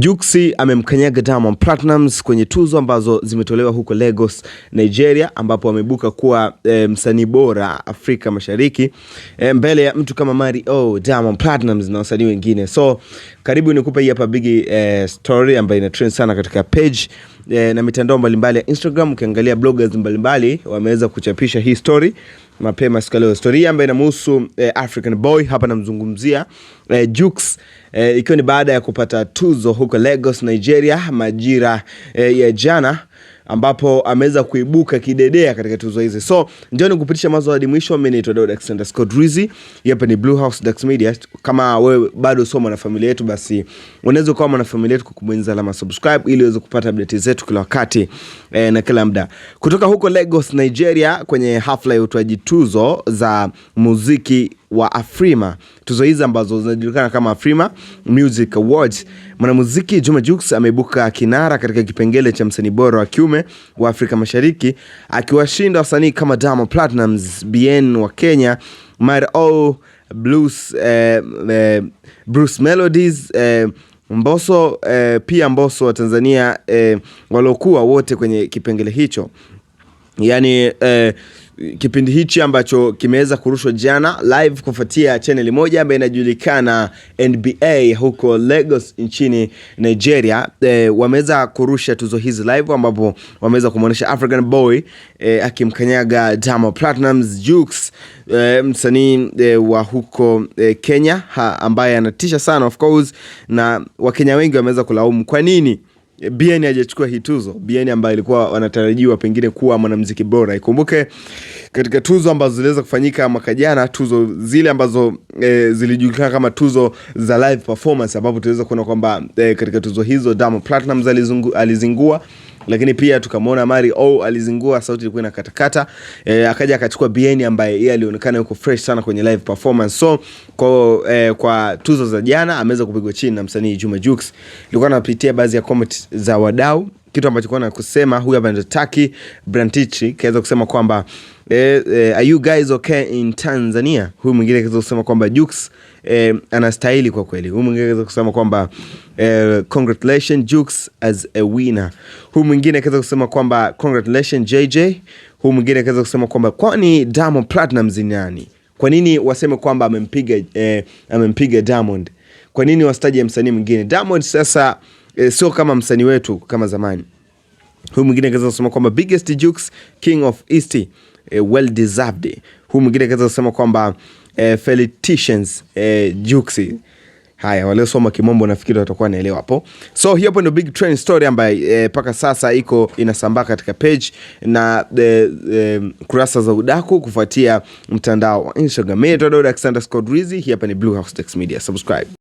Juksi amemkanyaga Diamond Platnumz kwenye tuzo ambazo zimetolewa huko Lagos, Nigeria, ambapo amebuka kuwa e, msanii bora Afrika Mashariki e, mbele ya mtu kama Mario, Diamond Platnumz na wasanii wengine. So karibu nikupe hii hapa big e, story ambayo ina trend sana katika page e, na mitandao mbalimbali ya Instagram. Ukiangalia bloggers mbalimbali wameweza kuchapisha hii story mapema siku leo, historia ambayo inamhusu eh, African Boy hapa namzungumzia eh, Jux eh, ikiwa ni baada ya kupata tuzo huko Lagos, Nigeria majira eh, ya jana ambapo ameweza kuibuka kidedea katika tuzo hizi. So njoo kupitisha mazo hadi mwisho. Mimi naitwa Daud Alexander Scott Rizzi, hapa ni Blue House Dax Media. Kama wewe bado sio mwanafamilia yetu, basi unaweza kuwa mwanafamilia yetu kwa kubonyeza alama subscribe ili uweze kupata update zetu kila wakati eh, na kila muda kutoka huko Lagos, Nigeria, kwenye hafla ya utoaji tuzo za muziki wa Afrima, tuzo hizi ambazo zinajulikana kama Afrima Music Awards. Mwanamuziki Juma Jux ameibuka kinara katika kipengele cha msanii bora wa kiume wa Afrika Mashariki akiwashinda wasanii kama Diamond Platnumz, BN wa Kenya, Maro Blues, eh, eh, Bruce Melodies eh, Mboso eh, pia mboso wa Tanzania eh, waliokuwa wote kwenye kipengele hicho yani eh, kipindi hichi ambacho kimeweza kurushwa jana live kufuatia chaneli moja ambayo inajulikana NBA huko Lagos nchini Nigeria. E, wameweza kurusha tuzo hizi live ambapo wameweza kumwonyesha African Boy e, akimkanyaga Diamond Platnumz Jux e, eh, msanii e, wa huko e, Kenya ha, ambaye anatisha sana of course, na Wakenya wengi wameweza kulaumu kwa nini Bien hajachukua hii tuzo. Bien ambaye ilikuwa wanatarajiwa pengine kuwa mwanamuziki bora. Ikumbuke katika tuzo ambazo ziliweza kufanyika mwaka jana, tuzo zile ambazo e, zilijulikana kama tuzo za live performance, ambapo tuliweza kuona kwamba e, katika tuzo hizo Diamond Platnumz alizingua lakini pia tukamwona Mari O alizingua, sauti ilikuwa inakatakata e, akaja akachukua Bien ambaye yeye alionekana yuko fresh sana kwenye live performance. So kwa, e, kwa tuzo za jana ameweza kupigwa chini na msanii Juma Jux. Nilikuwa napitia baadhi ya comment za wadau kitu ambacho kuna kusema huyu hapa Taki Brantichi kaweza kusema kwamba eh, eh, are you guys okay in Tanzania? Huyu mwingine kaweza kusema kwamba Jux eh, anastahili kwa kweli. Huyu mwingine kaweza kusema kwamba Eh, congratulation jukes as a winner. huu mwingine akaweza kusema kwamba congratulation JJ. huu mwingine akaweza kusema kwamba kwani damo Platnumz zinani Kwa nini waseme kwamba amempiga eh, amempiga Diamond? Kwa nini wastaji ya msanii mwingine? Diamond sasa eh, sio kama msanii wetu kama zamani. Huyu mwingine akaweza kusema kwamba biggest jukes king of East eh, well deserved. Huyu mwingine akaweza kusema kwamba eh, felitians eh, Jux Haya, waliosoma kimombo nafikiri watakuwa naelewa hapo. So hiyo hapo ndio big trend story ambayo eh, mpaka sasa iko inasambaa katika page na e, e, kurasa za udaku kufuatia mtandao wa Instagram. Mimi ndio Dax_Rizzy, hii hapa ni Blue House Dax Media. Subscribe.